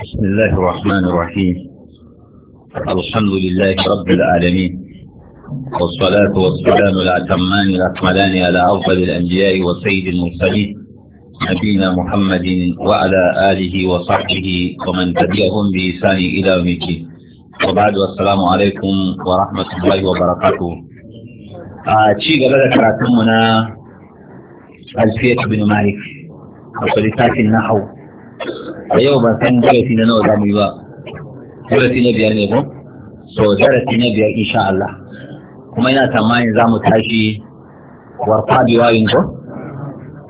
بسم الله الرحمن الرحيم الحمد لله رب العالمين والصلاة والسلام الأتمان الأكملان على أفضل الأنبياء وسيد المرسلين نبينا محمد وعلى آله وصحبه ومن تبعهم بإحسان إلى يوم الدين وبعد والسلام عليكم ورحمة الله وبركاته ci آه، قبل كراتمنا karatunmu بن مالك وصلتات النحو a yau ban san darasi na nawa za mu yi ba darasi na biyar ne ko so darasi na biyar insha Allah kuma ina tsammanin zamu mu tashi warfa biwarin ko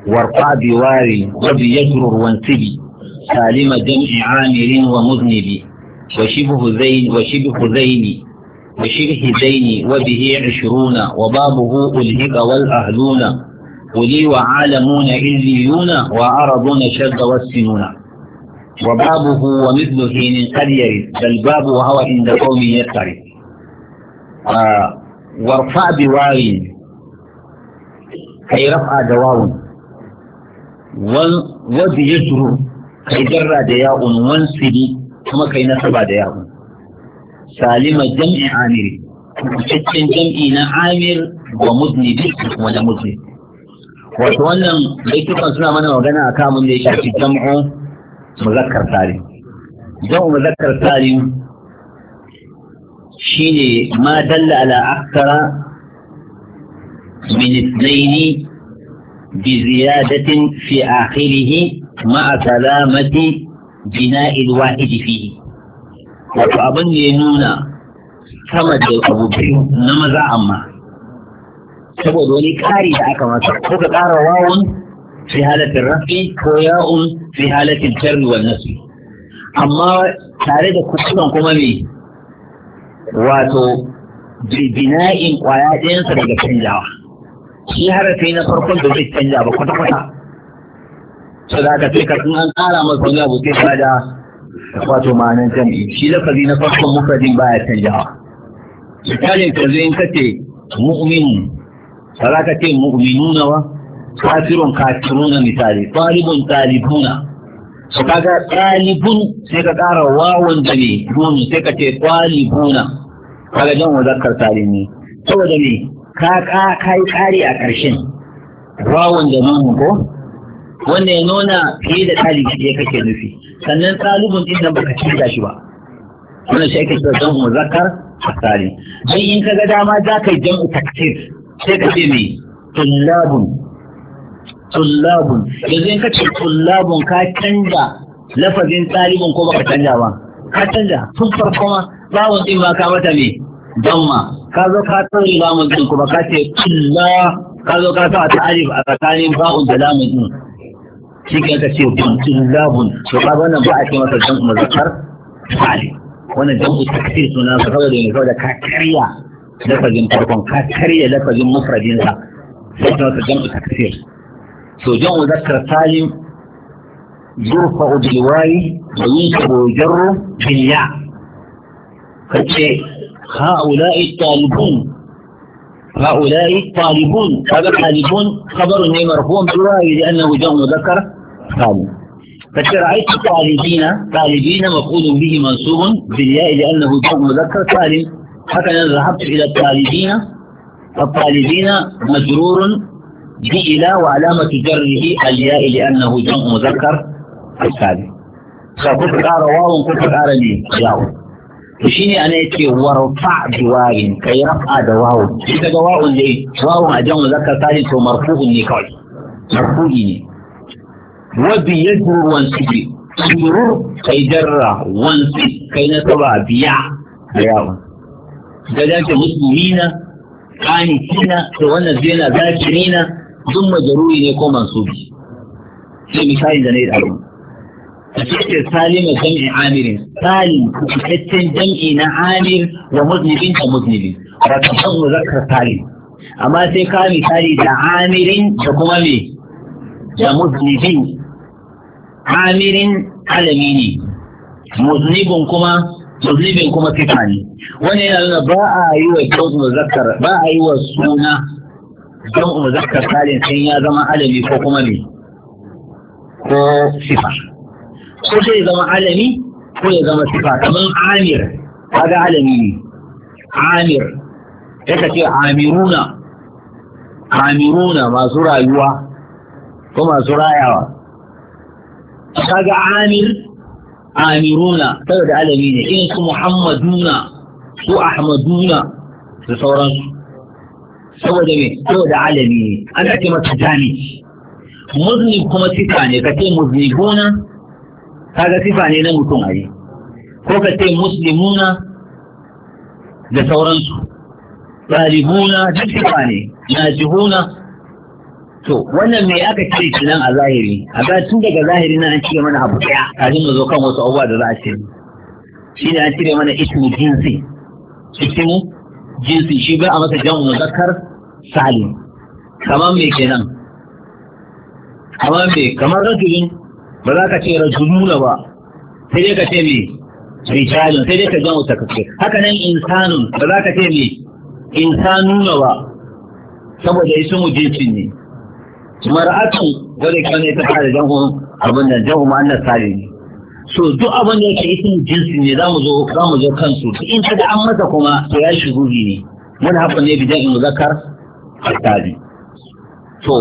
warfa biwari wabi ya ruwan sibi salima jam'i amirin wa muznibi wa shibhu zaini wa shibhu zaini wa shibhi zaini wa bihi 20 wa babuhu ulhiqa wal ahluna ولي وعالمون إليون وعرضون شد والسنون وبابه ومثله من قدير بل باب وهو عند قوم يقترب وارفع بواو كي رفع دواو وذ يجر كي جر دياء وانسب كما كي نصب دياء سالم جمع عامر cikin jam'i عامر amir wa muzni wani muzni wato wannan da suna mana magana مذكر سالم جمع مذكر سالم شيني ما دل على أكثر من اثنين بزيادة في آخره مع سلامة بناء الواحد فيه وأظن ينونا كما أبو بكر نمزا أما سبب ولي كاري دعاك ما سبب كارا واون في حالة الرفع وياء في حالة الجر والنفي أما تارد كتبا كمامي واتو بناء قواعد سبب التنجاوة في حرفي نفرق بذي التنجاوة كتا كتا صداقة فكرة أن أعلم الدنيا بكيف هذا wato ma'anan jam'i shi lafazi na farkon mufradin baya canjawa misalin ka zai ka ce mu'min ba za ka ce mu'minuna ba kafirun kafiruna misali ɗalibun ɗalibuna su kaga ɗalibun sai ka kara wawan da ne domin sai ka ce ɗalibuna kaga jan wazakar talimi saboda me ka ka kai ƙari a ƙarshen wawan da nan ko Wannan ya nuna fiye da talibi ɗaya kake nufi sannan ɗalibun din nan baka canza shi ba wannan shi ake cewa jan wazakar talimi don in ka ga dama za ka yi jan taksir sai ka ce me tullabun tullabun yanzu in ka ce tullabun ka canja lafazin talibin ko baka canja ba ka canja tun farko ma bawon din ma ka mata ne damma ka zo ka tsari bawon din kuma ka ce tulla ka zo ka sa ta alif a tsakanin bawon da lamun din shi ka ka ce tullabun to ka wannan ba a ce masa dan muzakkar talib wannan dan tafsir suna ka saboda ne saboda ka karya lafazin farkon ka karya lafazin mufradin sa sai ka masa dan tafsir so ذكر سالم يرفع بالواي bilwayi الجر بالياء هؤلاء الطالبون هؤلاء الطالبون هذا الطالبون خبر مرفوع بالواي لأنه جمع مذكر طالب فرأيت الطالبين طالبين مفعول به منصوب بالياء لأنه جمع مذكر سالم حتى ذهبت إلى الطالبين الطالبين مجرور بإلى وعلامة جره الياء لأنه جمع مذكر الثالث فكنت قال واو كنت قال لي ياو وشيني أنا يتي ورفع جوار كي رفع دواو إذا دواو لي واو جمع مذكر ثالث ومرفوع النكاي مرفوعيني وبي يجر وانسجي سجرور كي جر وانسج كي نتبع بيع ياو إذا جاءت مسلمين قانتين وانا زينا ذاكرين duk majaruri ne ko mansubi sai misali da na yi ɗaru a cikin salim da jam'i amirin salim cikakken jami'i na amir da muslimin da muslimin rakatan zakar salim amma sai ka misali da amirin da kuma me da muslimin amirin alami ne muslimin kuma muslimin kuma fita ne wannan yana nuna ba a yi wa kyautu muzakkar ba a yi wa suna jam'u muzakkar salim sai ya zama alami ko kuma ne ko sifa ko sai ya zama alami ko ya zama sifa kamar amir kaga alami ne amir ya ka ce amiruna amiruna masu rayuwa ko masu rayawa kaga amir amiruna saboda alami ne in su muhammaduna su ahmaduna da sauransu saboda me saboda alami an ce masa jami muzni kuma sifa ne ka ce muzni gona kaga sifa ne na mutum a yi ko ka ce muslimuna da sauransu ɗalibuna duk sifa ne Na jihuna to wannan me aka ce nan a zahiri a ga tun daga zahiri na an cire mana abu daya kafin mu zo kan wasu abubuwa da za a ce shi ne an cire mana ismu jinsi ismu jinsi shi bai a masa jan muzakkar salim kamar me kenan kamar me kamar rajulin ba za ka ce rajuluna ba sai dai ka ce me rijalun sai dai ka wuta kake haka nan insanun ba za ka ce me insanuna ba saboda mu jinsin ne mara'atu wadda ne ta fara jam'u abin da jam'u ma'anar salim ne so duk abin da yake isin jinsi ne za mu zo za mu zo su in ka ga an masa kuma to ya shigo ne wani haka ne bidan in zakar alkali to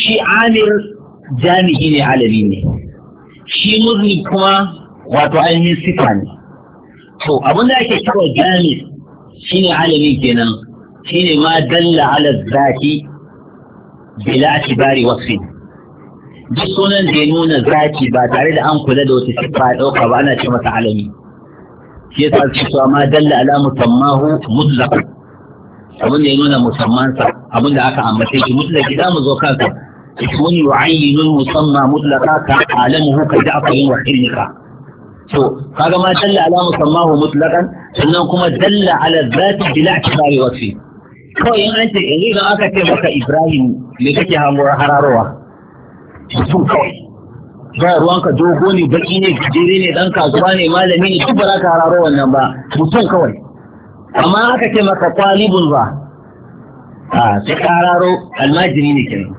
shi amir jami'i ne alabi ne shi murni kuma wato ainihin sifa ne to abin da ake cewa jami shi ne alabi kenan shi ne ma dalla ala zaki bila bari, wasfi duk sunan da ya nuna zaki ba tare da an kula da wata siffa ya ɗauka ba ana ce masa alami shi yasa su cewa ma dalla ala musammahu mutlaq abin da ya nuna musamman sa abin da aka ambace shi mutlaq idan mu zo kansa ismun yu'ayyinu musamma mutlaqa ka alamuhu ka ja'farin wa hirnika to kaga ma dalla ala musammahu mutlaqan sannan kuma dalla ala zati bila ikbari wasfi kawai in an ce yanzu idan aka ce maka Ibrahim me kake hango hararowa mutum kawai ba ruwanka dogo ne baki ne gajere ne dan kasuwa ne malami ne duk ba za ka hararo wannan ba mutum kawai amma aka ce maka kwalibun ba a sai ka hararo almajiri ne kenan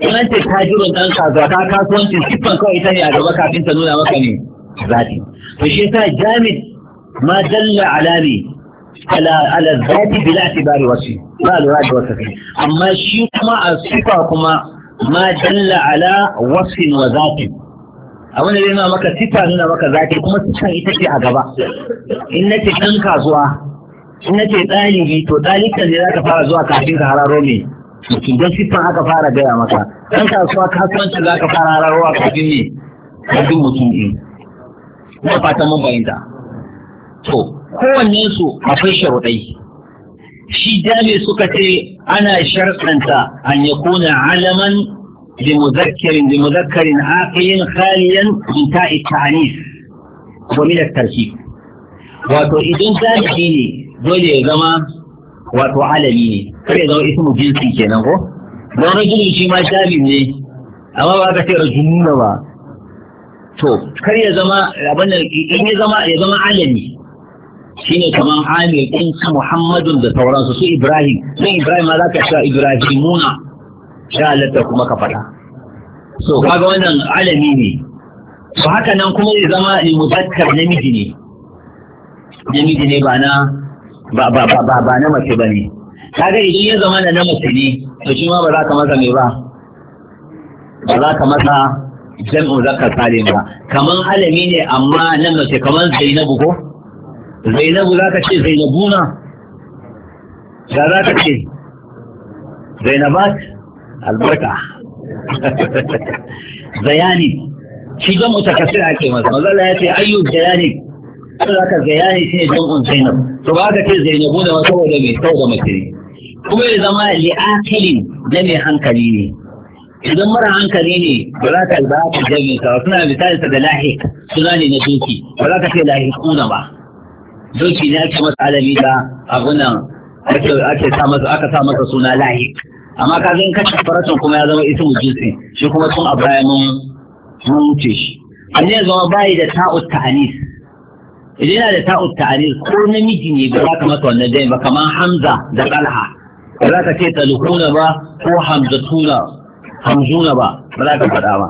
in an ce tajirin dan kasuwa ta kasuwancin siffan kawai ita ne a gaba kafin ta nuna maka ne zati to shi yasa jamid ma dalla alami ala ala zati bila tibari wasi ba lura da wasu amma shi kuma a siffa kuma ma dalla ala wasfin wa zatin abin da zai nuna maka sifa nuna maka zati kuma sifan ita ce a gaba in nace ɗan kasuwa in nace ɗalibi to ɗalikan ne za ka fara zuwa kafin ka hararo me Idan sifan aka fara gaya maka ɗan kasuwa kasuwancin za ka fara hararo kafin ne kafin mutum ɗin kuma fata mun bayyanta to kowanne su akwai sharuɗai shi jami suka ce ana sharɗanta an ya kuna alaman لمذكر لمذكر عاقل خاليا من تاء التعنيف ومن التركيب wato idan zalibi ne dole ya zama wato alami ne kare zama ismu jinsi kenan ko don shi ma jalib ne amma ba ka ce rajulun ba to kar ya zama abin ya zama alami Shi ne kaman amir din sa muhammadun da sauransu su ibrahim sai ibrahim ma ka sha ibrahimuna sha halatta kuma ka faɗa so kaga wannan alami ne to haka nan kuma ya zama ne muzakkar namiji ne namiji ne ba na ba ba ba ba na mace ba ne kaga idan ya zama na mace ne to shi ma ba za ka masa me ba ba za ka masa jam'u zakar salim ba kaman alami ne amma nan mace kaman zainabu ko zainabu za ka ce zainabuna ya za ka ce zainabat albarka zayani shi don mutakasir ake masa mazala ya ce ayyub zayani sai za ka zayani shi ne jam'un zainab to ba ka ce zainabu da wata wadda mai sau da mace kuma ya zama li'akalin na mai hankali ne idan mara hankali ne ba za ka ba ka jami'a suna misalinsa da lahik suna ne na doki ba za ka ce lahikuna ba doki ne ake masa alami da abunan ake sa masa aka sa masa suna lahi amma ka in kashe farashin kuma ya zama ismu jinsi shi kuma tun a baya mun wuce shi amma ya zama bayi da ta'ut ta'anis idan yana da ta'ut ta'anis ko namiji ne ba za ka masa wannan dai ba kamar hamza da talha ba za ka ce talukuna ba ko hamzatuna hamzuna ba ba za ka faɗa ba.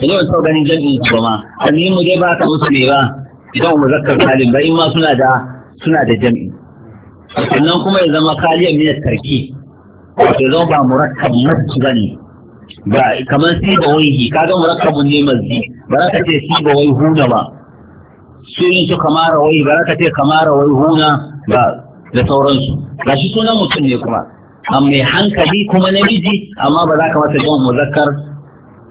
Ina wani sau ganin jami'in su ba ma, a mu dai ba ka musu ne ba, idan mu zakar kalin bai ma suna da suna da jam'i sannan kuma ya zama kaliyan ne tarki wato zama ba murakkab masji gani. ba kamar si ba ka kaga murakkabun ne masji ba za ka ce si ba wai huna ba sun su kamara wai ba za ka ce kamara wai huna ba da sauransu ga shi sunan mutum ne kuma amma mai hankali kuma namiji amma ba za ka masa jan muzakkar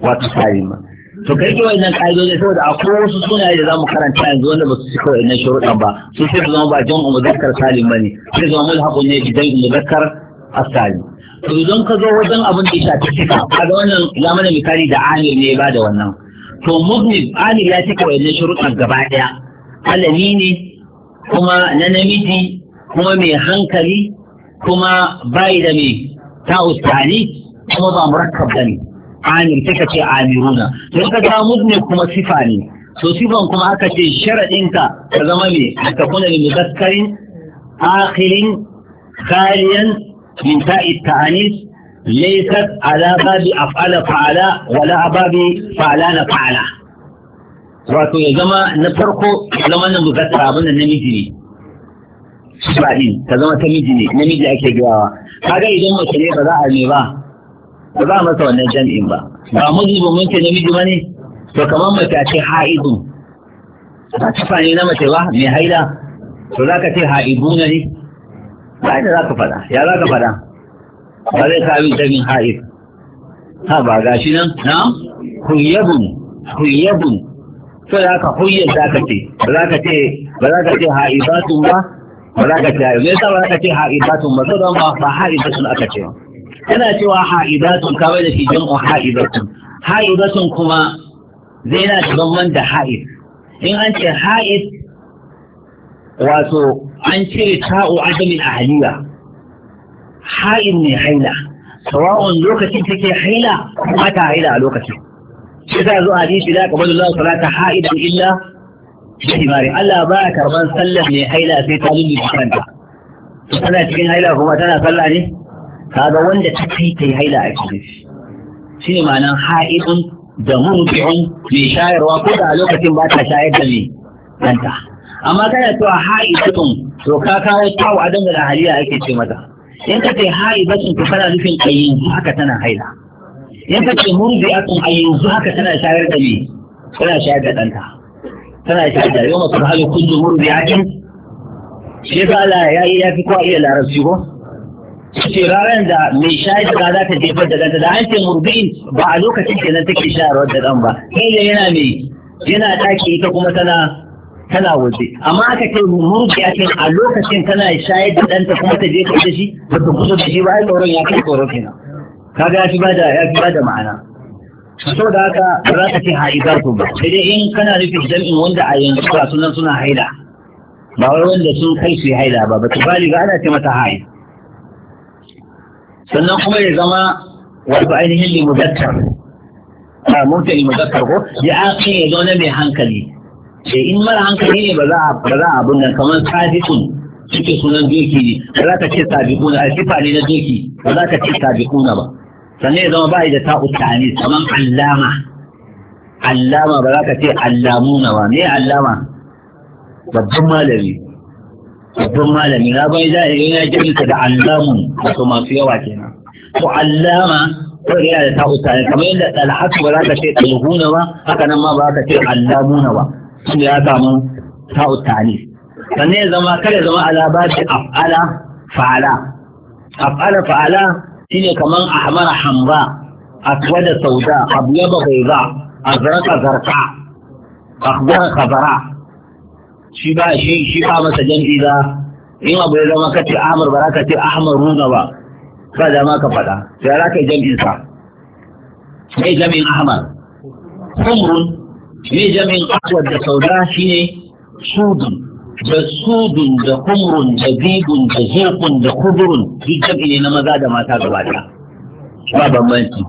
wata salim ba to kai ke wa'annan ƙa'idodi saboda akwai wasu sunaye da za mu karanta yanzu wanda ba su ci kawai shuruɗan ba su sai su zama ba jan muzakkar salim ba ne sai zama mulhaƙun ne bi dai muzakkar asali to idan ka zo wajen abin da ya cika kaga wannan ya mana misali da amir ne ba da wannan to mubni amir ya cika wa'annan shuruɗan gaba ɗaya alami ne kuma na namiji kuma mai hankali kuma bai da mai ta'ustani kuma ba murakkab da ne amir sai ka ce amiruna don ka ga mudne kuma sifa ne to sifan kuma aka ce sharadin ka ka zama ne ka kuna ne muzakkarin akhirin khaliyan min ta'i ta'anis laysat ala babi af'ala fa'ala wala babi fa'ala na fa'ala wato ya zama na farko ya zama na muzakkar abin nan namiji ne sifa din ta zama ta miji ne namiji ake gawa kaga idan mace ne ba za a ne ba ba za a masa wannan jam'in ba ba mujibin mun ce namiji ba ne to kamar mace a ce ha'idun ba ta ne na mace ba mai haida to za ka ce ha'iduna ne ba da za ka faɗa ya za ka faɗa ba zai kawo jamin ha'id ha ba gashi nan na kuyabun kuyabun to da ka huyyar za ka ce ba za ka ce ba za ka ce ha'idatun ba ba za ka ce me yasa ba za ka ce ha'idatun ba saboda ba ha'idatun aka ce ba yana cewa ha'idatun ka bai da shi jam'u ha'idatun ha'idatun kuma zai na daban da ha'id in an ce ha'id wato an ce ta'u adamin ahaliya ha'id ne haila sawa'un lokacin take haila kuma ta haila a lokacin shi ta zo hadisi da kamar Allah salata ha'idan illa bihimari Allah ba karban sallah mai haila sai ta lullu kanta tana cikin haila kuma tana sallah ne kaga wanda ta kai ta haila a cikin shi shi ne ma'anar ha'idun da mumfi'un mai shayarwa ko da a lokacin ba ta shayar da mai ɗanta amma kana cewa ha'idun to ka kawo tawo a dangana haliya ake ce mata in ka ce ha'ibatun to kana nufin a yanzu haka tana haila in ka ce murbi'atun a yanzu haka tana shayar da mai tana shayar da ɗanta tana shayar da yau masu halin kullum murbi'atun shi ya Allah ya yi ya fi kowa iya larabci ko ce ranar da mai shayar da za ta jefar da ganta da an ce ba a lokacin ke nan take shayarwa da ɗan ba ila yana mai yana ɗaki ita kuma tana tana waje amma aka ce murbi a a lokacin tana shayar da ɗanta kuma ta jefar da shi ba ta kusa da shi ba ai tsoron ya kai tsoron kenan kaga ya fi bada ya fi bada ma'ana da haka ba za ka ce ku ba sai dai in kana nufin jam'in wanda a yanzu ba sunan suna haila ba wai wanda sun kai su haila ba ba ta bali ba ana ce mata haila sannan kuma ya zama wato ainihin limudakkar a mutane mudakkar ko ya aka ya zaune mai hankali sai eh, in mara hankali ne ba za a ba za a abin nan kamar sadiqun suke sunan doki ne ba za ka ce sabiquna a sifa ne na doki ba za ka ce sabiquna ba sannan ya zama ba da ta'u ta'anis kamar allama allama ba za ka ce allamuna ba me allama babban malami babban malami na bai da yana jinka da allamun wato masu yawa kenan to allama kawai yana da ta'uta ne kamar yadda alhatu ba za ka ce ɗalhuna ba haka nan ma ba za ka ce allamuna ba tunda ya samu ta'uta ne sannan ya zama kada zama alabatin af'ala fa'ala af'ala fa'ala shine kamar ahmara Hamza aswada sauda abyaba bayda azraka Zarka, akhbara khazara shi ba shi shi ba masa jam'i ba in abu ya zama kace Ahmad ba ka ce Ahmad Runa ba ba da ma ka faɗa sai za ka yi jam'in sa sai jam'in Ahmad humrun ne jam'in aswad da sauda shine sudun da sudun da kumrun da zibun da zurkun da kudurun duk jam'i ne na maza da mata gaba ɗaya ba bambanci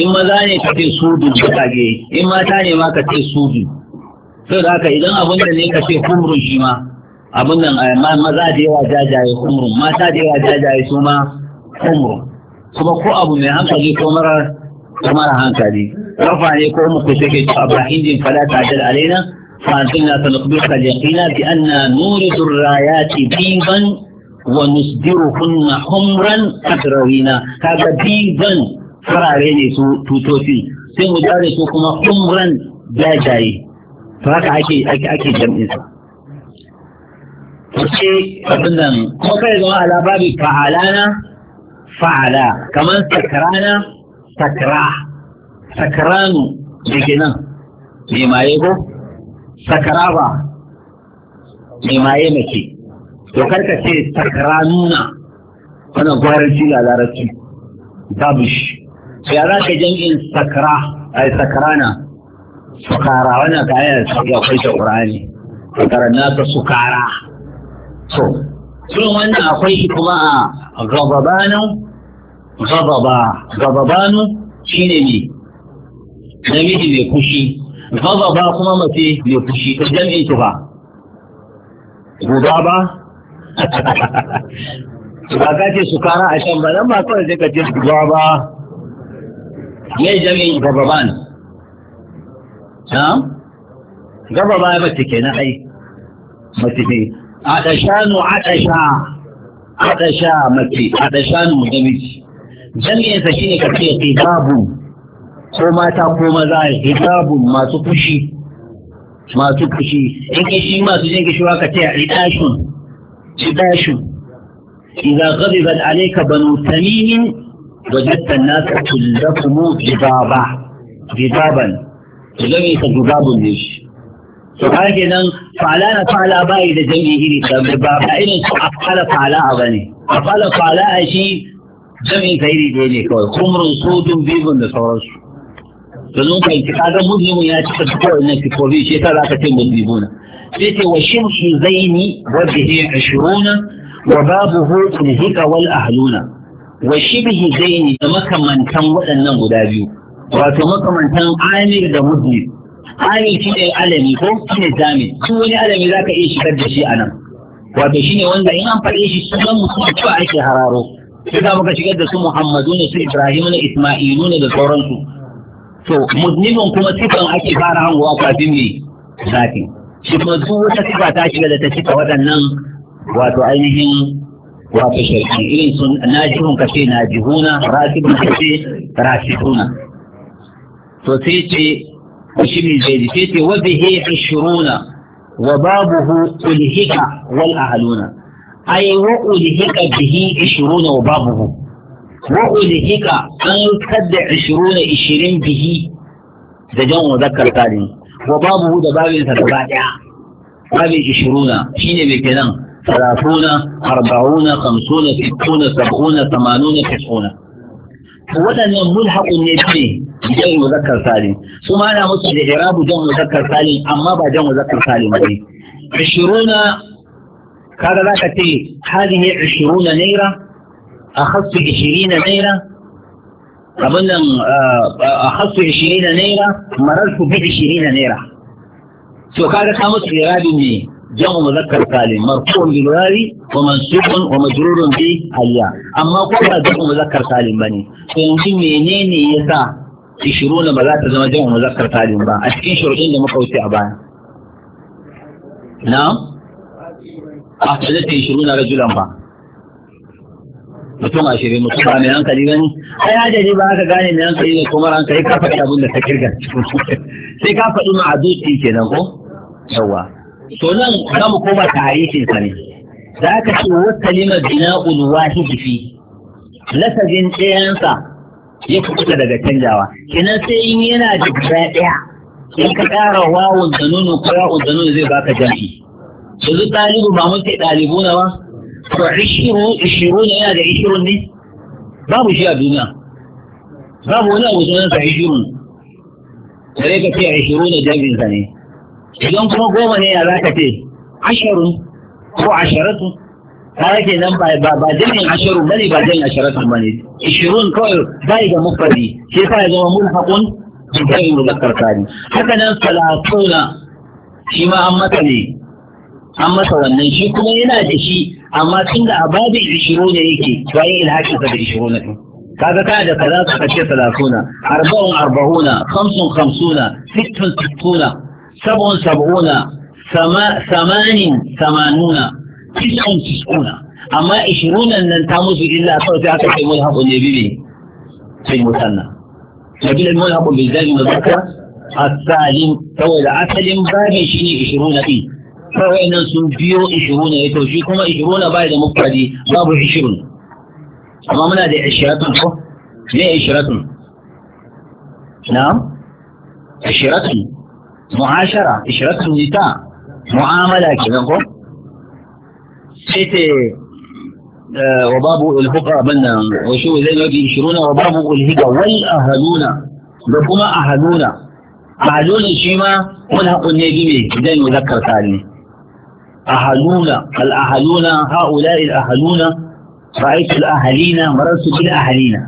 in maza ne ka ce sudun ka tage in mata ne ma ka ce sudun sai da haka idan abin da ne ka ce humrun shi ma abin nan eh, maza da yawa jajaye humrun mata da yawa jajaye su ma humrun kuma ko abu mai hankali ko mara hankali rafa ne ko mu kusa ke cewa ba injin fala ta dal alaina fa antina sanqbiruka yaqina bi anna nuridu rayati diban wa nusdiruhunna humran kadrawina kaga diban farare ne su tutoci sai mu dare su kuma humran jajaye to haka ake ake ake jam'in sa ce abin nan kuma kai zama ala babi fa'alana fa'ala kamar sakrana sakra sakranu da ke nan mai maye ko sakra ba mai maye mace to karka ce sakranuna wannan gwaranci da larabci babu shi ya za ka jam'in sakra ai sakrana sukara wannan kayan da suke akwai ta ƙurani sukara na ta sukara so sun wannan akwai shi kuma a gababanu gababa gababanu shine ne namiji mai kushi gababa kuma mace mai kushi jami'in ki ba guda ba ba ka ce sukara a shan ba nan ba kawai zai ka ce guda ba mai jami'in gababan gaba baya mace ke na ai mace ne adashanu adasha adasha mace adashanu namiji jami'insa ne ka ce hijabun ko mata ko maza hijabun masu fushi masu fushi in ka shi masu jin kishiwa ka ce idashun idashun idza ghadibat alayka banu tamim wajadta an-nasa mu jibaba jibaban jami'i sa babu ne shi to kaga kenan fala na fala bai da jami'i iri sabbi ba ba irin su afala fala bane afala fala shi jami'i sa iri ne kawai kumrun sudun bibun da sauransu domin kai ki kaga muslimu ya ci fata na sifofi shi yasa zaka ce muslimuna sai ce wa shimshi zaini wa bihi 20 wa babuhu tilhika wal ahluna wa shibhi zaini da makamantan waɗannan guda biyu wato makamantan amir da mudni amir shi ne alami ko shi ne zami shi wani alami za ka iya shigar da shi a nan wato shi ne wanda in an faɗe shi sunan mutum cewa ake hararo sai za mu ka shigar da su muhammadu ne su ibrahim ne isma'ilu ne da sauransu to mudnibin kuma sifan ake fara hangowa kafin mai zafi shi kuma duk wata sifa ta shiga da ta cika waɗannan wato ainihin wato shirki irin sun najihun kace najihuna rasibun kace rasibuna to sai ce shi ne sai ce wa bihi 20 wa babuhu ulhika wal ahluna ai wa ulhika bihi wa wa ulhika an kadda 20 bihi da jan wa da babin sa gaba daya babin shine me kenan 30 40 50 60 70 80 90 waɗannan mulhaƙun ne ce jan muzakkar salim su ma na musu da irabu jan muzakkar salim amma ba jan muzakkar salim ba ne ashiruna kaga za ka ce ne ashiruna naira a hasu ashirina naira abin nan a hasu ashirina naira mararku bi ashirina naira to kaga ka musu irabu ne جمع مذكر سالم مرفوع بالواو ومنصوب ومجرور بالياء اما كل جمع مذكر سالم بني فيمكن منين يسا 20 ba za ta zama jama'a muzakkar salim ba a cikin shuruɗin da muka wuce a baya na a tsaye ta 20 rajulan ba mutum ashirin mutum ba mai hankali gani ai adadi ba aka gane mai hankali ne kuma ranka sai ka faɗi abin ka kirga sai ka faɗi ma a zuci kenan ko yawa to nan za mu koma tarihin sa ne za ka ce wa kalimar bina'ul wahidi fi lafazin ɗayansa ya kuka daga canjawa kenan sai in yana da guda ɗaya in ka ƙara wawun da nono ko ya'un da nono zai baka jami'i yanzu ɗalibu ba muke ɗalibu na ba to ishiru ishiru ne yana da ishiru ne babu shi a duniya babu wani abu sunan sa ishirun sai ka ce ishiru da jami'in sa ne idan kuma goma ne ya zaka ce ashirin ko asharatu kare ke nan ba ba jami'in bane ba jirgin asharatun bane ishirun kawai bai ga mufari shi sa ya zama mun bi jirgin muzakkar sani haka nan salatuna shi ma an mata ne an masa wannan shi kuma yana da shi amma tun da ababin ishirun ne yake bayan ilhakinsa da ishirun ne kaga ka da salatu kace salatuna arba'un arba'una khamsun khamsuna sittun sittuna سبع سبعون ثمان ثمانون تسع تسعون أما عشرون أن تاموس إلا أصوات أكثر في ملحق النبي في المثنى نبيل الملحق بالزاج مذكر السالم سوى العسل بابي شيني عشرون فيه فوين سنبيو عشرون يتوشيكم عشرون بعد مفردي باب عشرون أما من هذه عشرة ما عشرة نعم عشرة mu'ashara ishiratun jita mu'amala kenan ko sai ta eh, wa babu ulhuka abin nan wa shi wa zai mafi shiruna wa babu ulhuka wal ahaluna da kuma ahaluna ahaluna shi ma wani haƙon ne gine zai yi zakar tali ahaluna al ahaluna ha'ula il ahaluna ra'aitul ahalina marar su bil ahalina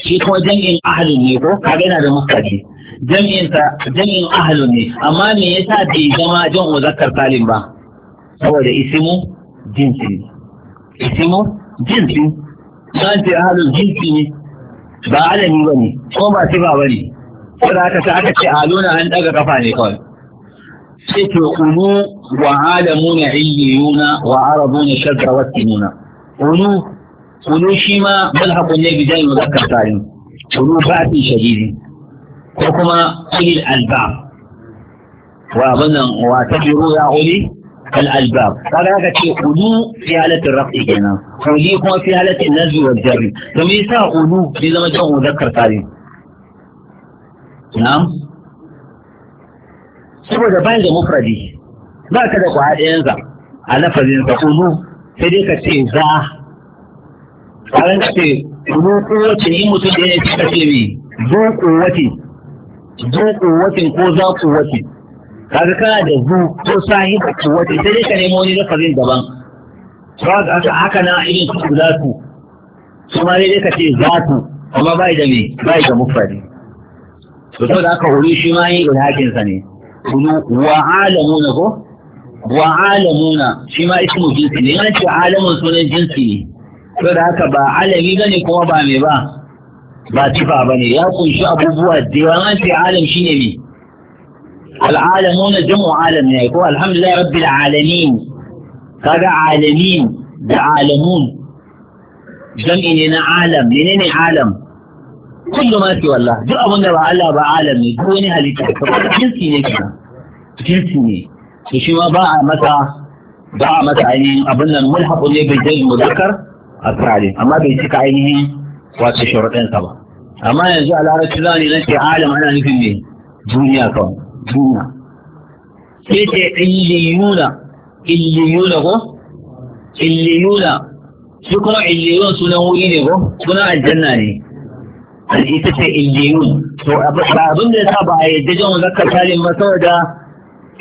shi kuma jan'in ahalin ne ko kaga yana da mustaji jami'insa jami'in ahalun ne amma me yasa bai zama jan muzakkar salim ba saboda isimu jinsi ne isimu jinsi san ce ahalun jinsi ne ba alami ba ne ko ba sifa ba ne saboda haka sai aka ce aluna an daga kafa ne kawai sai ke unu wa alamuna illiyuna wa arabuna shadda wa sinuna unu unu shi ma balhaqun ne bi jami'in muzakkar salim unu ba fi shadidi ko kuma ulil albab wa wannan wa tabiru ya uli al albab kaga ka ce ulu fi halatin rafi kenan uli kuma fi halatin nazwi wal jarri to me yasa ulu bai zama jan muzakkar salim na'am saboda bai da mufradi ba ka da kwa ɗayansa a lafazin ka ulu sai dai ka ce za kaga ka ce ulu kowace in mutum da ya ce ka ce me zo kowace zu kuwatin ko za kuwati kaga kana da zu ko sahiba kuwati sai dai ka nemo wani lafazin daban saboda haka haka na irin su za su kuma dai ka ce za ku. amma bai da me bai da mufari to saboda haka wuri shi ma yin hakin sa ne kuma wa alamuna ko wa alamuna shi ma ismu jinsi ne yana ce alamun sunan jinsi ne saboda haka ba alami bane kuma ba me ba ba sifa ba ne ya kunshi abubuwa da yawa ce alam shi ne ne na jam'u alam ne ko alhamdulillah rabbil alamin kaga alamin da alamun jam'i ne na alam ne alam kullu ma fi wallah duk abin da ba Allah ba alam ne duk wani halitta kamar jinsi ne kenan jinsi ne to shi ma ba a mata ba a masa ainihin abin nan mulhaqu ne bai jami'u mudakkar a amma bai cika ainihin wato sharuɗinsa ba amma yanzu a larabci za ne na ce alam ana nufin ne duniya kawai duniya sai ce illiyuna illiyuna ko illiyuna shi kuma illiyun sunan wuri ne ko sunan aljanna ne ita ce illiyun to abin da ya sa ba a yadda jan zakar talin ba saboda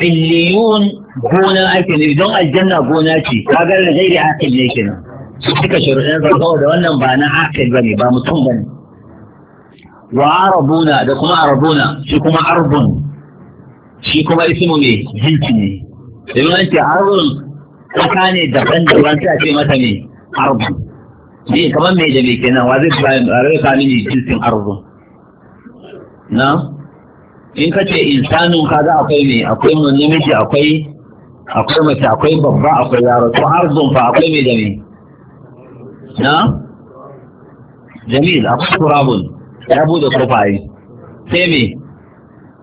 illiyun gona ake ne don aljanna gona ce kagar da zai da hakan ne kenan su suka shirin zarkawa da wannan ba na hakan ba ne ba mutum ba ne wa arabuna da kuma arabuna shi kuma arbun shi kuma ismu ne jinsi ne domin an ce arbun kasa ne daban-daban sai a ce mata ne arbun ne kamar mai da mai kenan wa zai bayan rai kami ne jinsin arbun na in ka ce insanun kaga akwai ne akwai mun namiji akwai akwai mace akwai babba akwai yaro to arbun fa akwai mai da mai na jamil akwai turabun ya bude kofaye sai me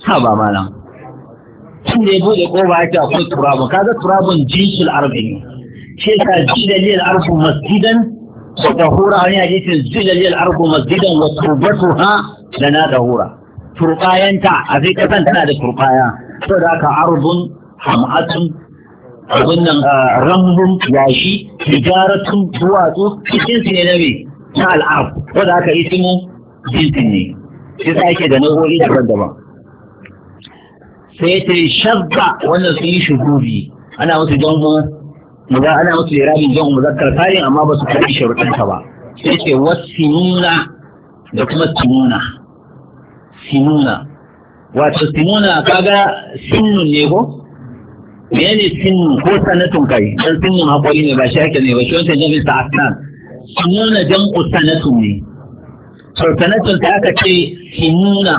ha ba malam shi ne bude kofa ya ce akwai turabun kaga turabun jinsul arbi shi yasa jidalil arfu masjidan wa hura wani hadisin jidalil arfu masjidan wa turbatuha lana tahura turbayanta a sai kasan tana da turbaya saboda haka arbun hamatun abin nan ah, rambun yashi tijaratun duwatsu cikin su ne na me na al'ab wanda aka yi simu jinsin ne shi sa yake da nau'o'i daban-daban sai ta shabba wannan sun yi shugubi ana musu jango maza ana musu irabin jango muzakkar tarin amma ba su karbi sharuɗansa ba sai ce sinuna da kuma sinuna sinuna wato sinuna kaga sinnun ne ko mene sinnun ko sanatun kai dan sinnun hakuri ne ba shi ake ne ba shi wancan jami'in sa'atan sinuna jam'u sanatun ne sultanatulta aka ce hinuna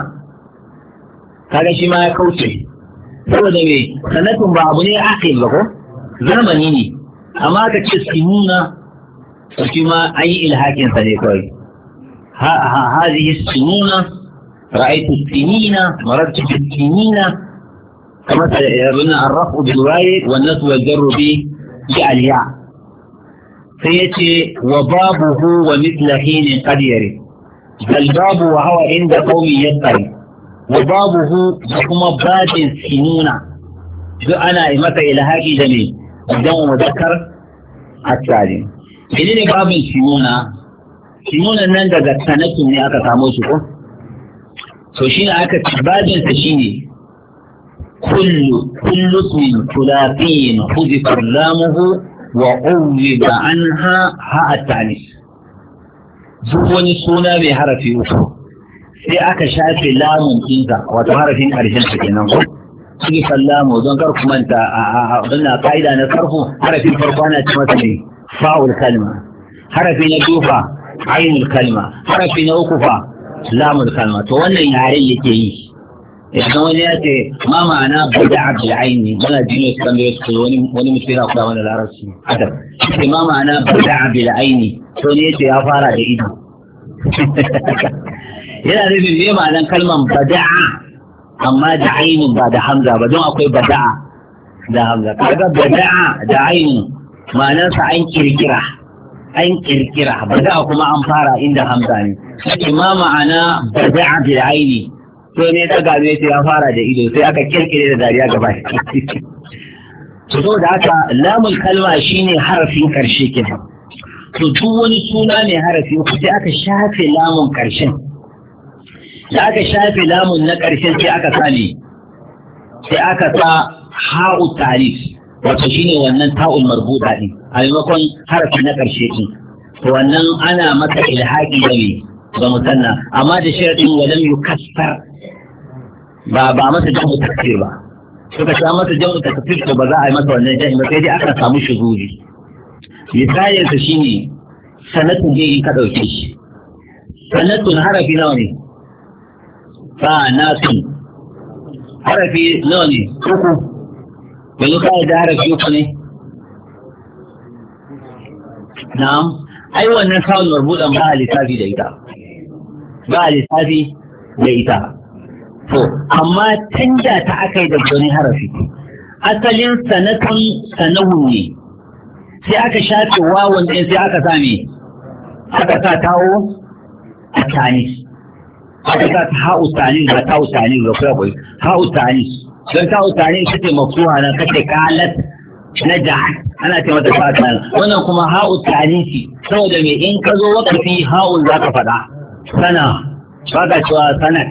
kaga shi ma ya kauce saboda me sanatun ba abu ne aka ba ko zamani ne amma aka ce sinuna to shi ma ayi ilhakin sa ne kawai ha ha hadhihi sinuna ra'aytu sinina marartu bis sinina kama yabna eh, arrafu bil wayi wan nasu wal jarru bi al ya sai yace wa babuhu wa mithla hin qad yari bal babu wa hawa inda qaumi yasari wa babuhu da kuma babin sinuna duk ana yi masa ilhaqi da me dan mudakkar asali menene babin sinuna sinuna nan daga sanatu ne aka samo shi ko to shi ne aka babin sa shine kullu kullu ismin thulathiyyin hudifa lamuhu wa uwida anha ha'a tanis duk wani suna mai harafi uku sai aka shafe lamun ɗinsa wato harafin ƙarshen sa kenan ko shi sallamu don kar ku manta a wannan ka'ida na sarfu harafin farko ana ce masa ne fa'ul kalma harafi na biyu fa ainul kalma harafi na uku fa lamul kalma to wannan yaren yake yi yanzu wani ya ce ma ma'ana bada abdul aini muna ji ne kan yau ce wani wani mutum kula wani larabci adam ce ma ma'ana bada abdul aini to ne ce ya fara da ido yana da zai me ma'anan kalman bada'a amma da ainin ba da hamza ba don akwai bada'a da hamza kaga bada'a da ainin ma'anarsa an kirkira an kirkira bada'a kuma an fara inda hamza ne ce ma ma'ana bada'a bil sai ne ta gane sai ya fara da ido sai aka kirkire da dariya gaba to saboda haka lamun kalma shine harafin karshe kenan to duk wani suna ne harafi uku sai aka shafe lamun karshen da aka shafe lamun na karshen sai aka sa ne sai aka sa ha'u tarif wato shine wannan ta'ul marbuta din a maimakon harafi na karshe din to wannan ana maka ilhaqi da me ba musanna amma da sharadin walam yukassar ba ba masa jamu takfir ba suka sha masa jamu takfir to ba za a yi masa wannan jami'i ba sai dai aka samu shuhuri misalin sa shine sanatun ne ka dauke shi sanatun harafi nawa ne fa nasun harafi nawa ne uku yanzu ka da harafi uku ne na'am ai wannan kawun marbudan ba a lissafi da ita ba a lissafi da ita to amma canja ta aka yi da wani harafi asalin sanatan sanahu ne sai aka shafe wawan ɗin sai aka sa me aka sa tawo a tani aka sa ta ha'u tani ga ta'u utani, ga kuwa Ha utani, don ta'u utani ita ce mafuwa na kace kalat na ja'ad ana ce mata ta'u tani wannan kuma ha utani ce saboda me in ka zo wakafi ha'u za ka faɗa sana ba ka cewa sanat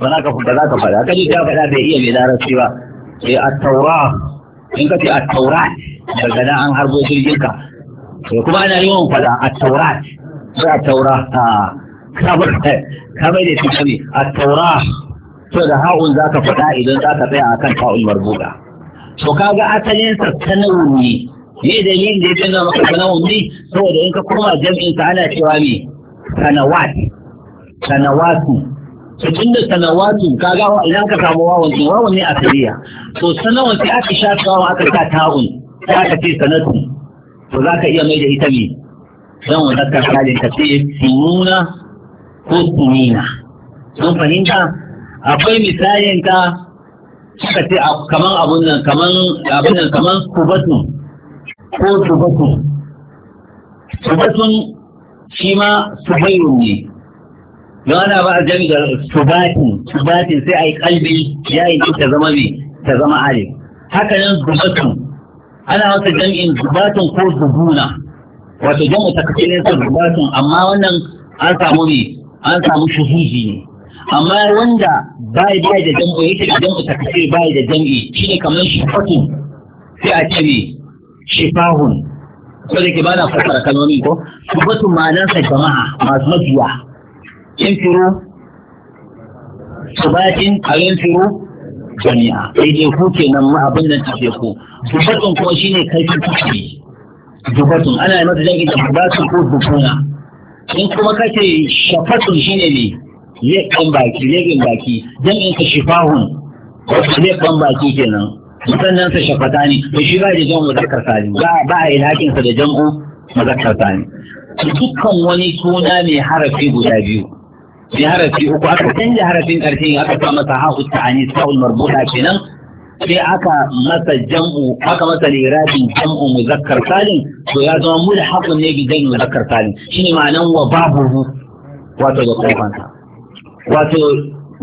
ba za ka ba za ka faɗa ka ji ta faɗa bai iya mai larabci ba sai eh, a taura in ka ce a taura daga nan an harbo jirgin ka to eh, kuma ana yawan faɗa a taura sai a taura a ah, kamar kamar da suka ne a taura to da ha'un za ka faɗa idan za ka tsaya a kan ta'un marbuda to kaga asalin sa sanarwa ne ne dalilin da ya canza maka sanarwa ne saboda in ka koma jam'in ka ana cewa me sanawat sanawatu to tunda sanawatu kaga idan ka samu wawan to wawan ne a tariya to sanawan sai aka tsawon aka sa ta'un sai aka ce sanatu to za ka iya mai da ita ne. don wanda ka kalin ka ce sinuna ko sinina don fahimta akwai misalin ka suka ce kaman abun nan kaman abun nan kaman kubatun ko subatun subatun shi ma subairun ne don ana ba a jami'a tubatin tubatin sai a yi kalbi ya yi ta zama mai ta zama alif haka nan zubatun ana wata jami'in zubatun ko zubuna wato jami'a ta kace yin zubatun amma wannan an samu ne an samu shuhuji ne amma wanda ba ya biya da jam'o yake da jam'o ta ba bai da shi shine kamar shifatun sai a ce ne shifahun ko da ke bana fasara kalmomi ko zubatun ma'anarsa jama'a masu mabiya infiru subatin a infiru jami'a sai dai ku kenan ma abin da tafe ku dubatun kuma shine kaifin tafi dubatun ana yi mata jami'i da dubatun ko dubuna in kuma kake shafatun shine ne leƙen baki leƙen baki jami'in ka shifahun wasu leƙen baki ke kenan musannan sa shafata ne to shi ba da jan muzakkar sani ba ba a yi sa da jan'u muzakkar sani dukkan wani suna mai harafi guda biyu mai harafi uku aka canja harafin ƙarshen aka sa masa ta ta'ani sa'ul marbuta kenan sai aka masa jam'u aka masa lirafin jam'u muzakkar salim to ya zama mu da haƙun ne bi jam'u muzakkar salim shine ma'anan wa babu wato da kofanta wato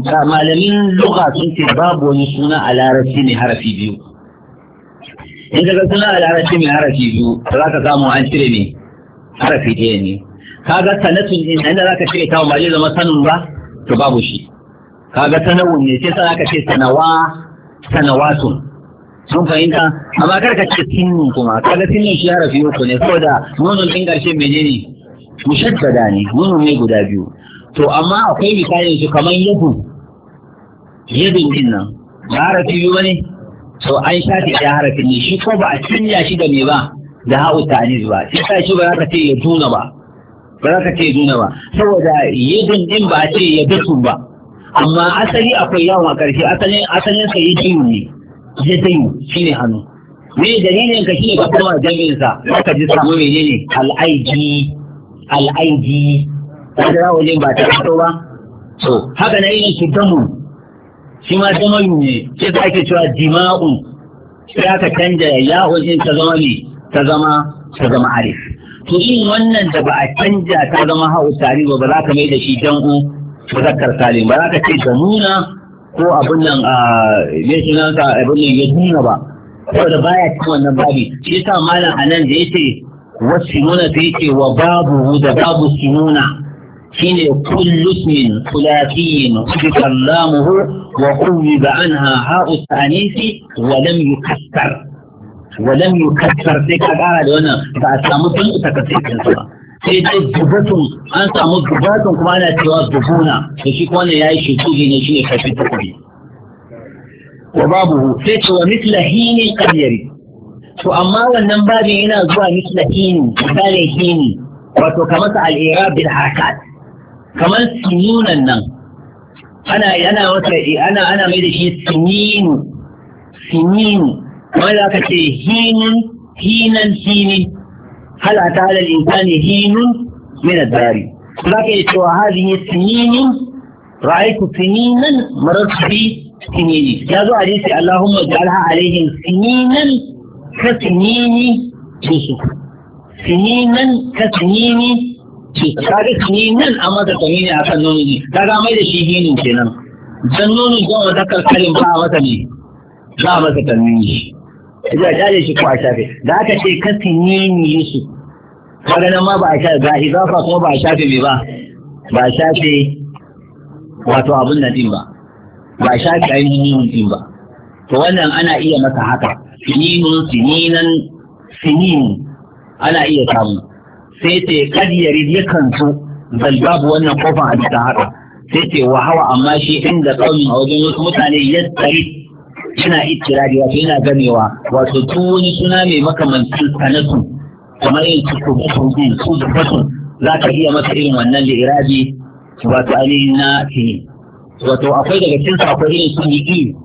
da malamin lugha sun ce babu wani suna a larabci mai harafi biyu in ka ga suna a larabci mai harafi biyu za ka samu an cire ne harafi ɗaya ne kaga sanatun in inda zaka ce ta ba zai zama sanun ba to babu shi kaga sanawun ne sai zaka ce sanawa sanawatun sun fahimta amma kar ka ce sinni kuma kaga sinni shi harafi ku ne saboda nunun din karshe menene mushaddada ne nunun ne guda biyu to amma akwai misalin su kamar yadu yadun din nan ba harafi biyu bane to an shafe ya harafin ne shi ko ba a canja shi da me ba da ha'u ta'anis ba sai sa shi ba za ka ce ya tuna ba ba za ka ce nuna ba saboda yidin din ba ce ya dasu ba amma asali akwai yawon a ƙarshe asalin asalin sa yidin ne ya dayu ne hannu me dalilin ka ne ka kuma jami'in sa ka ji samu ne al'aiji al'aiji wanda za wajen ba ta fito ba so haka na yi kitamu shi ma zama ne sai ka ake cewa jima'u sai aka canja ya wajen ta zama ne ta zama ta zama arif to yin wannan da ba a canja ta zama hausari ba ba za ka mai da shi jan'u muzakkar salim ba za ka ce nuna ko abin nan a ya ka abin nan ya nuna ba saboda baya cikin wannan babi shi yasa malam anan da yace wasimuna ta yace wa babu da babu simuna shine kullu ismin thulathiyyin dhikra lamuhu wa qawwi anha ha'u ta'nisi wa lam yukassar walam yukassar sai ka kara da wannan ba a samu sun isa ka sai ba sai dai zubatun an samu zubatun kuma ana cewa zubuna da shi kuma ya yi shekuji ne shi ne karfi takobi wa babu sai cewa mitla hini karyari to amma wannan babin yana zuwa mitla hini misalin hini wato kamar sa al'ira bil kamar nan ana wata ana ana mai da shi sininu sininu wanda aka ce hinun hinan hinin hal ata ala al-insani hinun min ad-dari zaka iya cewa hadhihi sininin ra'aytu sininan marartu bi sinini ya zo hadisi Allahumma ij'alha alaihim sininan ka sinini yusuf sininan ka sinini kaga sininan a masa ne a kan nono ne kaga mai da shi hinin kenan Zan nono don wata kalkalin ba a mata ne za a masa ne. ya kyale shi ko a shafe da aka ce ka sinini su kaga nan ma ba a shafe ba izafa kuma ba a shafe me ba ba a shafe wato abun nan din ba ba a shafe ainihin din ba to wannan ana iya masa haka sininun sininan sinin ana iya samu sai ce kad yarid yakan so zalbabu wannan kofar a bisa haka sai ce wa hawa amma shi inda kaumin a wajen wasu mutane ya yastari yana ikirari wato yana ganewa wato tun wani suna mai makamancin sanatu kamar yin cikin batun din su da batun za ka iya masa irin wannan da irabi wato ainihin na fiye wato akwai daga cikin akwai irin su ni iyu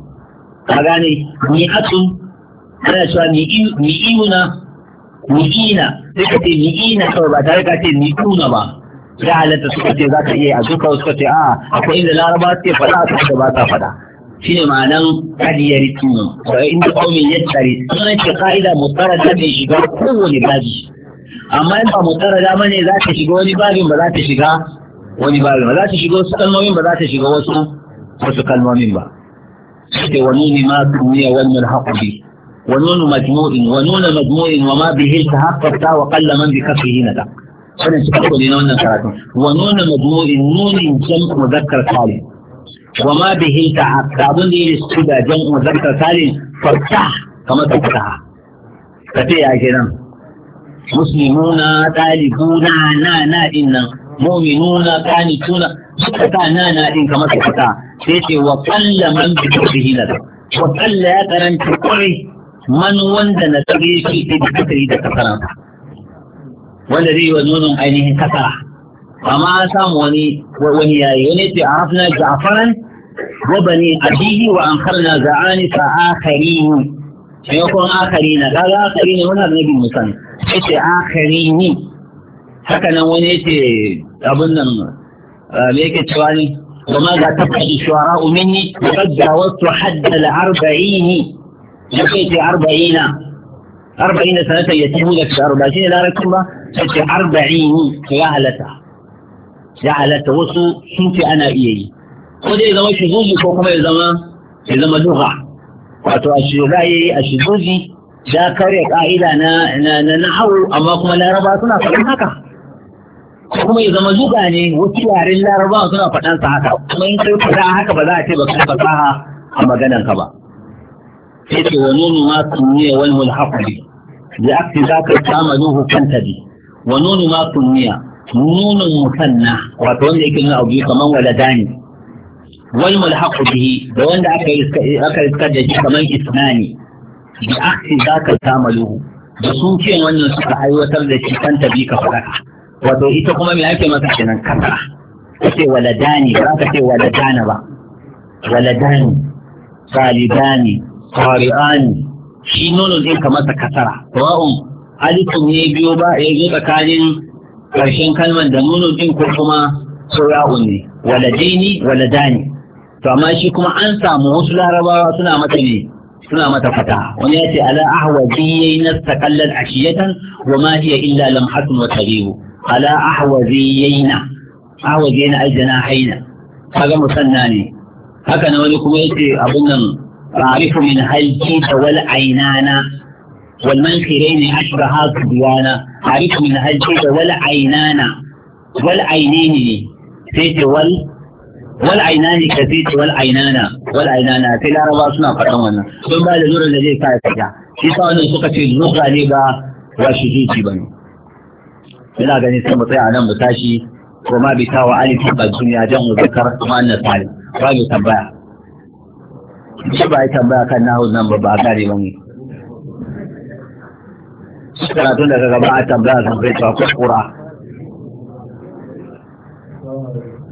ka gane ni asu. Kana cewa ni iyu na ni na. sai ka ce ni ina kawai ba tare ka ce ni una ba da halatta suka ce za ka iya a zuka suka ce a akwai inda laraba ce faɗa suka ba ta faɗa shi ne ma'anan kadiyar tunan da inda kaumin ya tsare sunan ce ka'ida mutara ta bai shiga kowane babi amma in ba mutara da ne za ta shiga wani babin ba za ta shiga wani babin ba za ta shiga wasu kalmomin ba za ta shiga wasu wasu kalmomin ba sai wani ne ma tumiya wannan haƙuri ونون مجموع ونون مجموع وما به تحققت وقل من بكفه ندى. فنسكت لنا ونون مجموع نون جمع مذكر سالم wa ma bihi ta da abin da ya su da jam'u zakka salim farta ta fata ka ce ya na na din nan mu'minuna qanituna suka ta na na din kamar ta sai ce wa qalla man bi bihi ya karanta kuri man wanda na shi da da ta wanda zai yi wa ainihin kasara amma an samu wani wani yayi wani ce a hafna ja'faran wa bani abihi wa an kharna za'ani fa akharini maimakon akharina kaga akharina wani abu ne bin musan yace akharini haka nan wani yace abun nan ah, me yake cewa ne وماذا تبقى الشعراء مني وقد جاوزت حد الأربعين لقيت أربعين أربعين سنة يتهم لك أربعين لا ركبة أربعين ya halata. ya halatta wasu sun ce ana iya yi ko zai zama shuzuzi ko kuma ya zama ya zama duha wato a shiga yi a shuzuzi ya karya ka'ida na na amma kuma laraba suna faɗin haka ko kuma ya zama duka ne wasu yaren laraba suna faɗan sa haka kuma in kai faɗa haka ba za a ce ba ka fasaha a maganan ka ba sai ce wa nunu ma sunniya wani mulhaqu bi da aka za ka kama nuhu kanta bi wa nunu ma sunniya nunun musanna wato wanda yake nuna abu kaman waladani wal mulhaqu bihi da wanda aka yi aka iskar da shi kaman isnani bi akhi zaka tamalu da sun ce wannan suka aiwatar da shi kan tabi ka fara wato ita kuma me ake masa kenan kasa ce waladani ba ka ce waladana ba waladani Salidani, qari'ani shi nunun din ka masa kasara wa'un alifun ne biyo ba ya zo tsakanin ƙarshen kalmar da nunu din ko kuma saura'un ne Wala waladaini waladani to amma shi kuma an samu wasu larabawa suna mata ne suna mata fata wani ya ce ala ahwazi na takallal ashiyatan wa ma hiya illa lamhatun wa tarihu ala ahwazi na ahwazi na aljana haina kaga musanna ne haka na wani kuma yace abun nan ta'rifu min halki halji wal ainana wannan tsire ne a shiga haka duwana a rikin min halce da wal ainana wal ainini sai laraba suna faɗan wannan don ba da zuwa da zai kai kaja shi sa wannan suka ce zuwa ne ba wa zuci ba ne ina ganin sai mutai a nan mutashi ko ma bi tawa alifi ba duniya jan zakar kuma annan sai ba ga tabbaya shi ba ya tabbaya kan nahu nan ba ba gare ba ne tun daga gaba a tambaya sun kai cewa kuskura.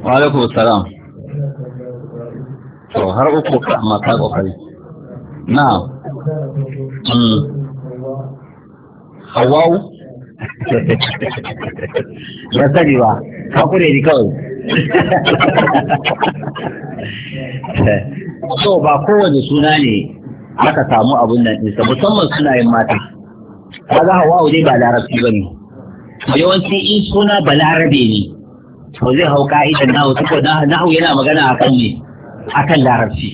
Wa alaikum salam. To har uku ka amma ka kokari. Na. Hmm. Hawau. Ya sani ba, ka hakure ni kawai. So ba kowane suna ne aka samu abin nan ɗinsa musamman sunayen mata. kaga hawa dai ba larabci ba ne yawanci in suna ba larabe ne to zai hau ka'idan nahu saboda nahu yana magana akan ne akan larabci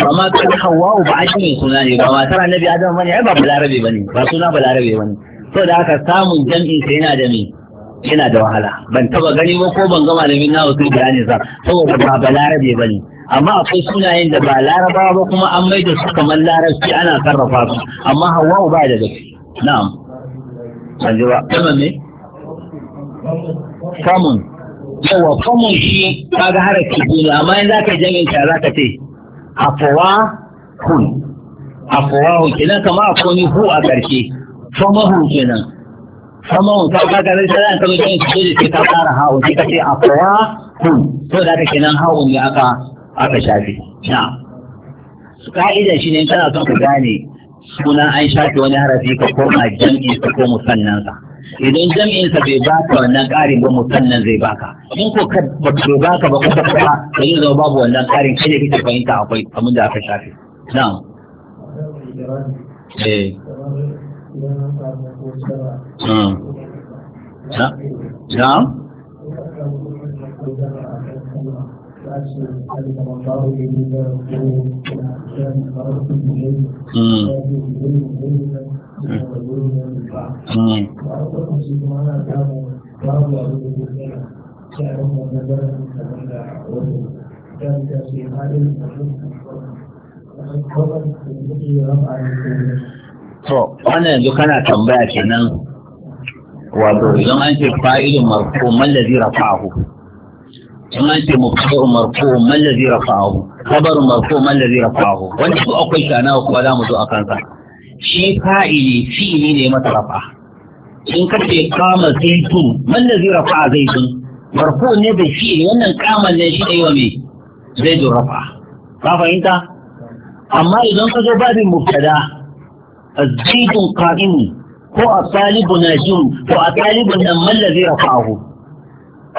amma kan hawa ba a ne suna ne ba matar annabi adam ne, ai ba balarabe ne, ba suna balarabe So saboda haka samun jam'in sa yana da me yana da wahala ban taba gani ba ko ban gama da min nahu sun bayani sa saboda ba ba ne. amma akwai sunayen da ba larabawa ba kuma an maida su kamar larabci ana sarrafa su amma hawa ba da gaske na'am an ji ba kalmar ne common yawa common shi ta ga harafi biyu amma yanzu aka jami'in ta za ka ce afuwa hun afuwa hun kenan kama a akwai hu a ƙarshe famahun kenan famahun ta kaga zai sai an kama jami'in ta dole sai ka fara ha'un sai ka ce afuwa hun to da ka kenan hawa ne aka shafi Na'am. ka'idar shi ne kana son ka gane sunan an shafe wani harafi ka koma jam'insa ko musannansa idan jam'insa bai baka wannan ƙarin ba musannan zai baka in ko ka bai baka ba kuka kuma ka yi zama babu wannan ƙarin kai ne kake fahimta akwai abin da aka shafe na'am eh na'am na'am To, wani yanzu kana tambaya kenan wato idan an ce fa’idin marko mallazi rafa'ahu. kuma ce mubtada'un marfu man ladhi rafa'ahu khabarun marfu man ladhi rafa'ahu wanda ko akwai shana kuma za mu zo a kansa shi fa'ili fi'ili ne masa rafa in ka ce kama zaitun man ladhi rafa'a zaitun marfu ne da fi'ili wannan kaman ne shi da wa me zaitun rafa ka fahimta amma idan ka zo babin mubtada' الزيت قائم هو الطالب ناجم هو الطالب na الذي رفعه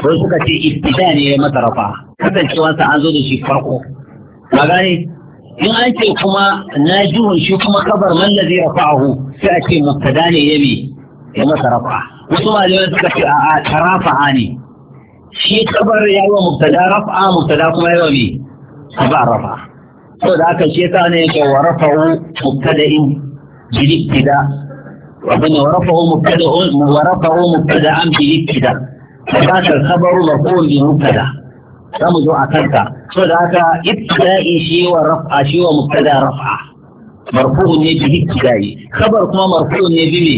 ko suka ce ibtida ne ya masa rafa sa an zo da shi farko ba gane in an ce kuma na juhun shi kuma kabar mallazi rafa'ahu sai a ce mubtada ne ya me ya masa rafa wasu malamai suka ce a'a tarafa'a ne shi kabar ya yi wa mubtada rafa'a mubtada kuma ya yi wa ba kabar rafa saboda haka shi yasa ne yake wa rafa'u mubtada'in bil ibtida wa bin wa rafa'u mubtada'un wa rafa'u mubtada'an bil ibtida ذاك الخبر مقول za mu zo a kanka so da haka ibtida'i shi wa raf'a shi wa mubtada raf'a marfu'un ne bi ibtida'i Kabar kuma marfu'un ne bi me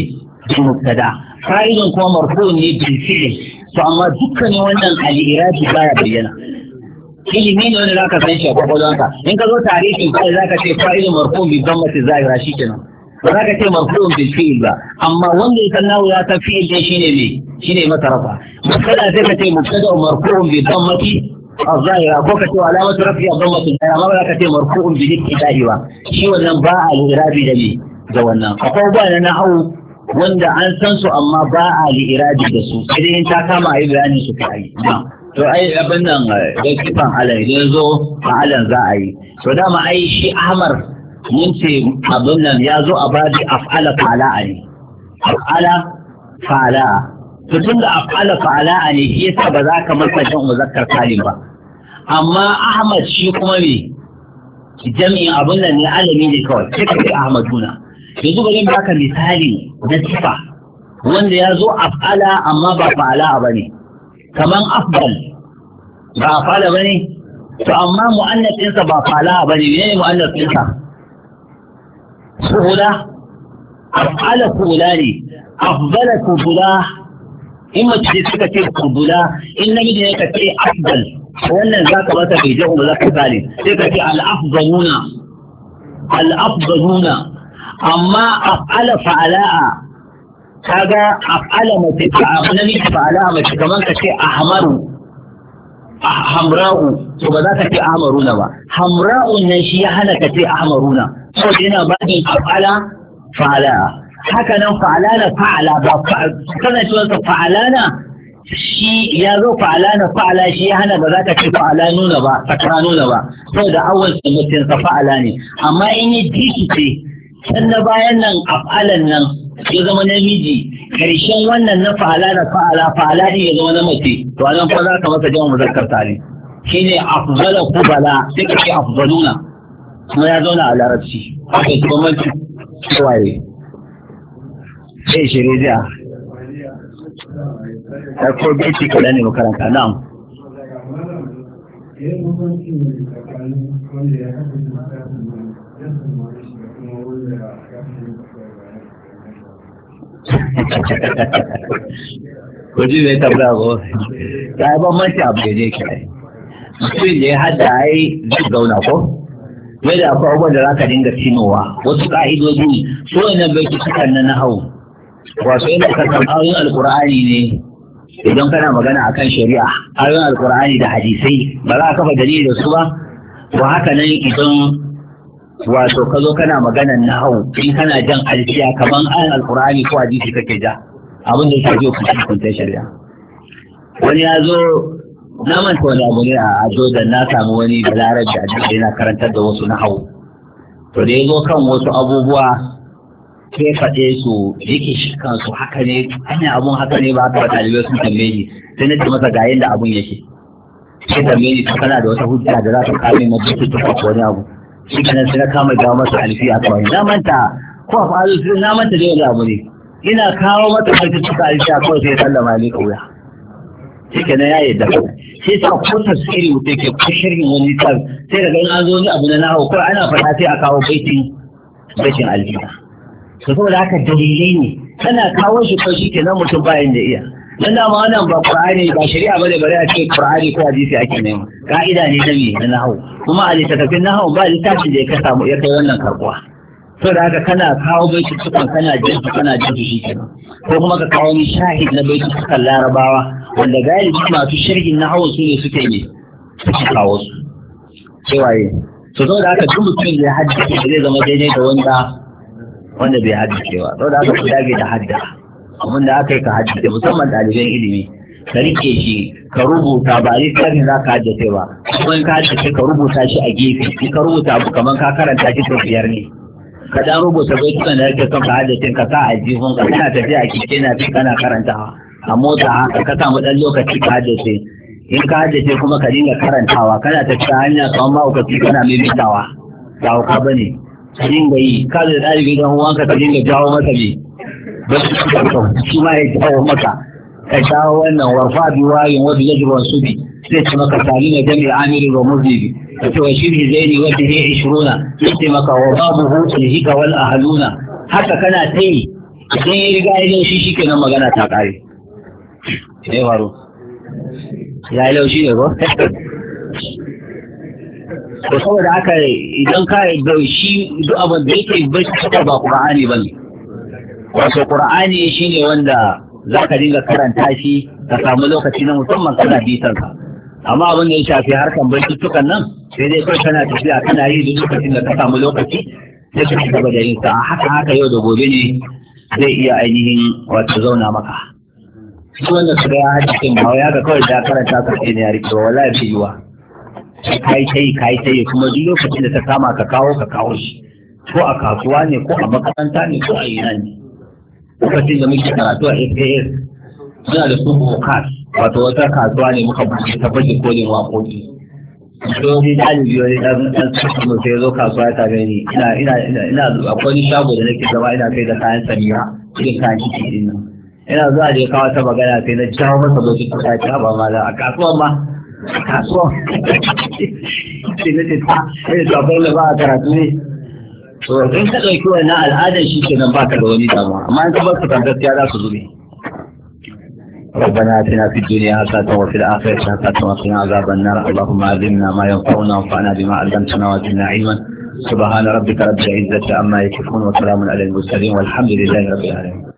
bi mubtada fa'ilun kuma marfu'un ne bi fi'il to amma dukkanin wannan al-irabi baya bayyana ilimi ne wanda zaka san shi a kwakwalwanka in ka zo tarihin kai zaka ce fa'ilun marfu'un bi dhammati zahira shikenan ba za ka ce marfu'un bil fi'il ba amma wanda ya san nawo ya san fi'il din shine me shine masa rafa mubtada sai ka ce mubtada marfu'un bi dammati الظاهرة فوق علامة رفع ضمة الظاهرة ما بلا كتير مرفوع بالابتداء وا شي wannan ba a irabi da ni da wannan akwai ba na nahwu wanda an san su amma ba a irabi da su sai dai ta kama ayi bayanin su kai to ai abin nan eh, kifan alai idan zo a alan za a yi to dama shi abin nan ya zo a babi af'ala fa'ala ne to tun da afala fa'ala ne shi yasa ba za ka masa jan muzakkar salim ba amma ahmad shi kuma me jami'in abun nan ne alami ne kawai sai ka ahmad juna yanzu bari in baka misali na sifa wanda ya zo afala amma ba fa'ala ba ne Kamar afdal ba afala ba ne to amma mu'annafinsa ba fala ba ne ne mu'annafinsa suhula afala kula ne afdala kula in mace ce suka ce kubula in namiji ne ka ce afdal wannan za ka masa bai jahu za ka sale sai ka ce al'afdaluna al'afdaluna amma af'ala fa'ala'a kaga af'ala mace fa'ala namiji fa'ala'a mace kamar ka ce ahmaru hamra'u to ba za ka ce ahmaruna ba hamra'un nan shi ya hana ka ce ahmaruna saboda yana bani af'ala fa'ala'a haka nan fa'alana fa'ala ba wata fa'alana shi ya zo fa'alana fa'ala shi ya hana ba za ka ce fa'ala nuna ba sakara nuna ba da awon mutum sa fa'ala ne amma in yi jiki ce can na bayan nan af'alan nan ya zama namiji karshen wannan na fa'ala na fa'ala fa'ala ne ya zama na mace to nan fa za ka masa jama muzakkar tare shine afzala kubala sai ka ce afzaluna kuma ya zauna a larabci haka kuma mace waye sai shirye jiya ta ko beki kaɗan ne makaranta na'am ko ji zai tabbata ko ta yi bambanci abu da ne kira mutum da ya hada ya yi zai zauna ko yadda akwai abubuwan da za ka dinga tinowa wasu ƙa'idodi so ina bai ki nan na hau wato yana karɓar ayoyin alkur'ani ne idan kana magana akan shari'a ayoyin alkur'ani da hadisai ba za a kafa dalili da su ba ba haka nan idan wato ka zo kana magana na hau in kana jan alkiya kaman ayoyin alkur'ani ko hadisi kake ja abin da yake zo ku hukunta shari'a wani ya zo na manta wani abu ne a da na samu wani balarabi a jirgin yana karantar da wasu na nahau to da ya zo kan wasu abubuwa sai faɗe su yake shi kansu haka ne hanyar abun haka ne ba haka ba talibai sun tambaye ni sai na ce masa ga yadda abun yake sai tambaye ni kana da wata hujja da za ta kame na jiki ta kafa wani abu shi kana sai na kama gawa masa alfi a kawai na manta ko a faru sai na manta da yadda abu ne ina kawo mata alfi suka alfi a kawai sai ya sallama ne kauya shi kenan ya yadda sai ta ko tafsiri mutum ke ko shirin wani kan sai daga in an zo ni abu na nahawu kawai ana faɗa sai a kawo baitin baitin alfiya to saboda haka dalilai ne kana kawo shi ko shi kenan mutum bayan da iya Nan da ma wannan ba qur'ani ba shari'a da bari a ce qur'ani ko hadisi ake nema ka'ida ne da me na nahwu kuma a littafin nahwu ba littafin da ya samu ya kai wannan karbuwa saboda haka kana kawo baiti sukan kana jinsu kana jinsu shi kenan ko kuma ka kawo ni shahid na baiti sukan larabawa wanda galibi masu shirgin nahwu su ne suke ne suke kawo su sai waye to saboda haka duk mutum ya haddace zai zama daidai da wanda wanda bai haddace sau da aka ku dage da hadda abin da aka yi ka haddace musamman ɗaliban ilimi ka rike shi ka rubuta ba littafin za ka haddace ba kuma ka haddace ka rubuta shi a gefe in ka rubuta abu kamar ka karanta shi sau biyar ne ka dan rubuta bai baitukan da yake son ka haddace ka sa a jihun ka kana tafiya a kike na fi kana karantawa a mota haka ka samu ɗan lokaci ka haddace in ka haddace kuma ka dinga karantawa kana tafiya hanya kamar ma'aukaci kana maimaitawa ba ka bane ka dinga yi ka da ɗalibi don wanka ka dinga jawo masa ne ba su ka shi ma ya jawo maka ka jawo wannan warfa bi wayin wasu yajirwan su bi sai ce maka tali na jami'a amirin romuzi bi ka ce wa shirhi zaini wadda ne ishiruna ya ce maka wa babu hutun hika wal ahaluna haka kana ta yi idan ya riga ya laushi shi kenan magana ta ƙare. Ya yi faru. Ya yi laushi ne ba? to saboda haka idan ka da shi duk abin da yake bai ba qur'ani ne wato qur'ani shine wanda zaka dinga karanta shi ka samu lokaci na musamman kana bitar ka amma abin da ya shafi harkan tukan nan sai dai kai kana tafiya kana yi duk lokacin da ka samu lokaci sai ka gaba da yin sa haka haka yau da gobe ne zai iya ainihin wato zauna maka shi wanda su ga ya hajjikin ba ya ga kawai da karanta ka sai ne ya rikewa wallahi fi yiwa Ka yi kai kai kai kai kuma duk lokacin da ta kama ka kawo ka kawo shi ko a kasuwa ne ko a makaranta ne ko a ina ne lokacin da muke karatu a FAS muna da su bukas wato wata kasuwa ne muka buɗe ta fage kolin waƙoƙi Sojoji ɗalibi wani ɗan ɗan sassan mutu ya zo kasuwa ya tare ni ina ina ina ina akwai ni shago da nake zama ina kai da kayan sariya irin kayan ciki ɗin nan. Ina zuwa da ya kawo ta magana sai na jawo masa lokacin ta ta ba ma a kasuwa ma ربنا اتنا في الدنيا حسنه وفي الاخره حسنه وقنا عذاب النار اللهم علمنا ما ينفعنا وانفعنا بما علمتنا وزدنا علما سبحان ربك رب العزه عما يصفون وسلام على المرسلين والحمد لله رب العالمين